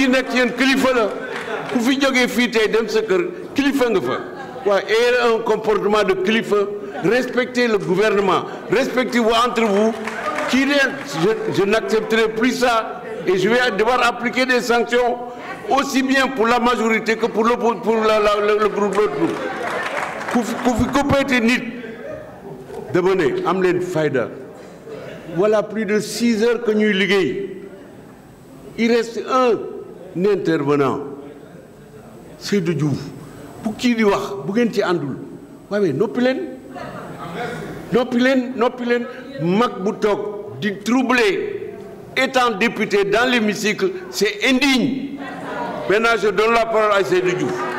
ci nekk kilifa la ku fi jógee fii tey dem sa kër kilifa nga fa waaw ayez un comportement de kilifa respecte le gouvernement respectez-vous entre vous kii leen je, je n'accepterai plus ça et je vais devoir appliquer des sanctions aussi bien pour la majorité que pour le pour la, la, le, le groupe l'autre groupe ku fi ku fi coppite nit dama ne am leen fayda voilà plus de six heures que ñuy liggéey il reste ni intervenant Seydou Diouf bu kii di wax bu ngeen ci àndul waaye noppi leen leen noppi mag bu toog di troubler étant député dans l'hémicycle c'est indigne maintenant je donne la parole à de Diouf